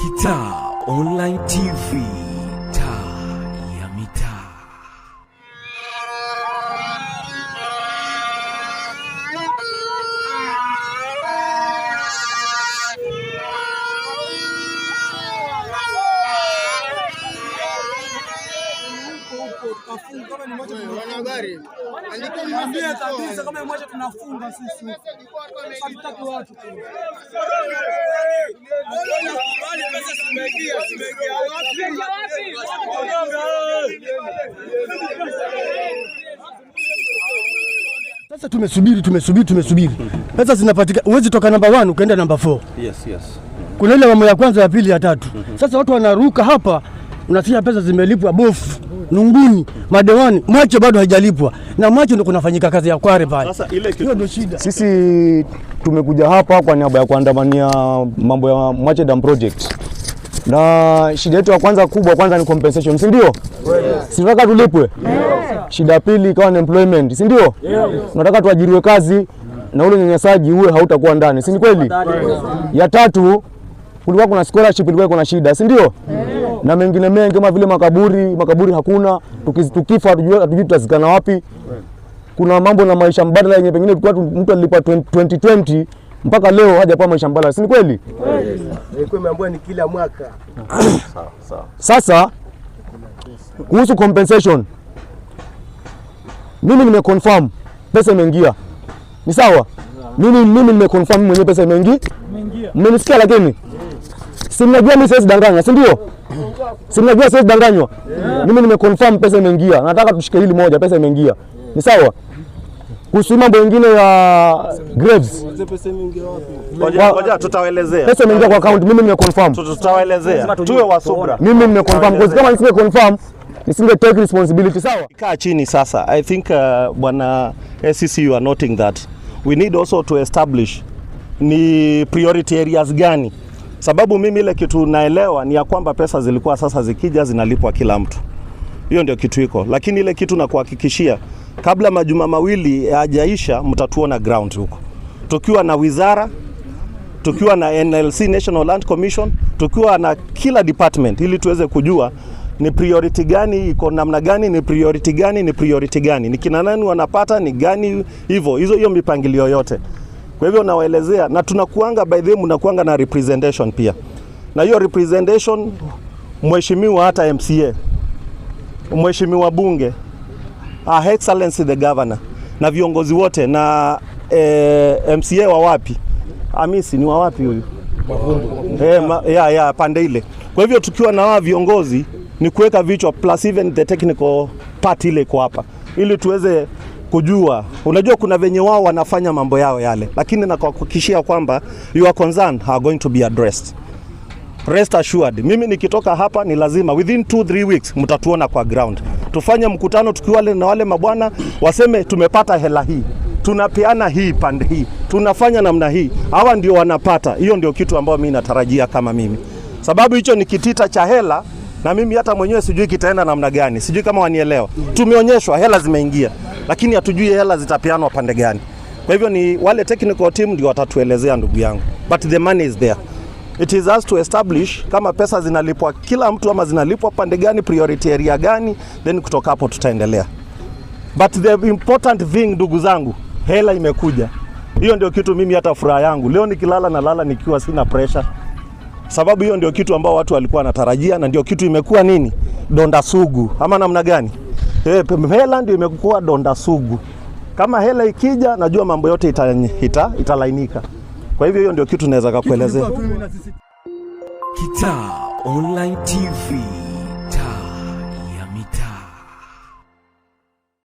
Kitaa Online TV, taa ya mitaa. Wanahabari Niambie kabisa kama tunafunga sisi. Hatutaki watu. pesa Sasa tumesubiri tumesubiri tumesubiri, pesa zinapatikana. Uwezi toka namba 1 ukaenda namba 4. Yes, yes. Kuna ile awamu ya kwanza, ya pili, ya tatu. Mhm. Sasa watu wanaruka hapa unasikia pesa zimelipwa bofu Nunguni, Madewani, Mwache bado haijalipwa, na Mwache ndio kunafanyika kazi ya kware pale. Hiyo ndio shida. Sisi tumekuja hapa kwa niaba ya kuandamania mambo ya Mwache Dam Project, na shida yetu ya kwanza kubwa kwanza ni compensation, si ndio? Yes. Sinataka tulipwe. Yes. Shida pili ikawa ni employment, si ndio? Yes. Nataka tuajiriwe kazi na ule unyanyasaji uwe hautakuwa ndani, si ni kweli? Yes. Ya tatu kulikuwa kuna scholarship, ilikuwa kuna shida, si ndio? na mengine mengi kama vile makaburi, makaburi hakuna. Tukifa hatujui tutazikana wapi. Kuna mambo na maisha mbadala yenye pengine tulikuwa mtu alilipa 2020 mpaka leo hajapaa maisha mbadala, si kweli? ni kila mwaka. Sasa kuhusu compensation, mimi nimeconfirm pesa imeingia, ni sawa. Mimi mimi nimeconfirm mwenyewe pesa imeingia, mmenisikia? Lakini Si mnajua mimi siwezi danganya, si ndio? Si mnajua siwezi danganywa. Mimi nimeconfirm pesa imeingia. Nataka tushike hili moja, pesa imeingia. Ni sawa? Kuhusu mambo mengine ya Graves. Tutawaelezea. Pesa imeingia kwa account, mimi nimeconfirm. Tutawaelezea. Tuwe wa subra. Mimi nimeconfirm because kama nisingeconfirm nisinge take responsibility, sawa? Kaa chini sasa. I think uh, bwana SCC you are noting that we need also to establish ni priority areas gani Sababu mimi ile kitu naelewa ni ya kwamba pesa zilikuwa sasa zikija zinalipwa kila mtu, hiyo ndio kitu iko, lakini ile kitu nakuhakikishia, kabla majuma mawili hajaisha mtatuona ground huko, tukiwa na wizara, tukiwa na NLC, National Land Commission, tukiwa na kila department, ili tuweze kujua ni priority gani iko namna gani, ni priority gani, ni priority gani, ni kina nani wanapata ni gani, hivyo hizo, hiyo mipangilio yote kwa hivyo nawaelezea, na tunakuanga by the way, mnakuanga na representation pia, na hiyo representation, mheshimiwa hata MCA, mheshimiwa bunge, Her Excellency the governor na viongozi wote na eh, MCA wa wapi, Amisi ni wa wapi huyu eh, ma, ya, ya, pande ile. Kwa hivyo tukiwa na wao viongozi ni kuweka vichwa plus even the technical part ile iko hapa ili tuweze kujua unajua, kuna venye wao wanafanya mambo yao yale, lakini nakuhakikishia kwamba your concern are going to be addressed. Rest assured, mimi nikitoka hapa ni lazima within 2 3 weeks mtatuona kwa ground, tufanye mkutano tukiwa na wale mabwana, waseme tumepata hela hii, tunapeana hii pande hii, tunafanya namna hii, hawa ndio wanapata. Hiyo ndio kitu ambayo mimi natarajia kama mimi, sababu hicho ni kitita cha hela na mimi hata mwenyewe sijui kitaenda namna gani, sijui kama wanielewa. Tumeonyeshwa hela zimeingia lakini hatujui hela zitapeanwa pande gani. Kwa hivyo ni wale technical team ndio watatuelezea ndugu yangu, but the money is there. It is us to establish kama pesa zinalipwa kila mtu ama zinalipwa pande gani, priority area gani, then kutoka hapo tutaendelea. But the important thing ndugu zangu, hela imekuja. Hiyo ndio kitu mimi hata furaha yangu leo nikilala na lala nikiwa sina pressure, sababu hiyo ndio kitu ambao watu walikuwa wanatarajia na ndio kitu imekuwa nini, donda sugu ama namna gani? E, hela ndio imekuwa donda sugu. Kama hela ikija, najua mambo yote italainika. Kwa hivyo hiyo ndio kitu naweza kukuelezea. Kitaa Online TV.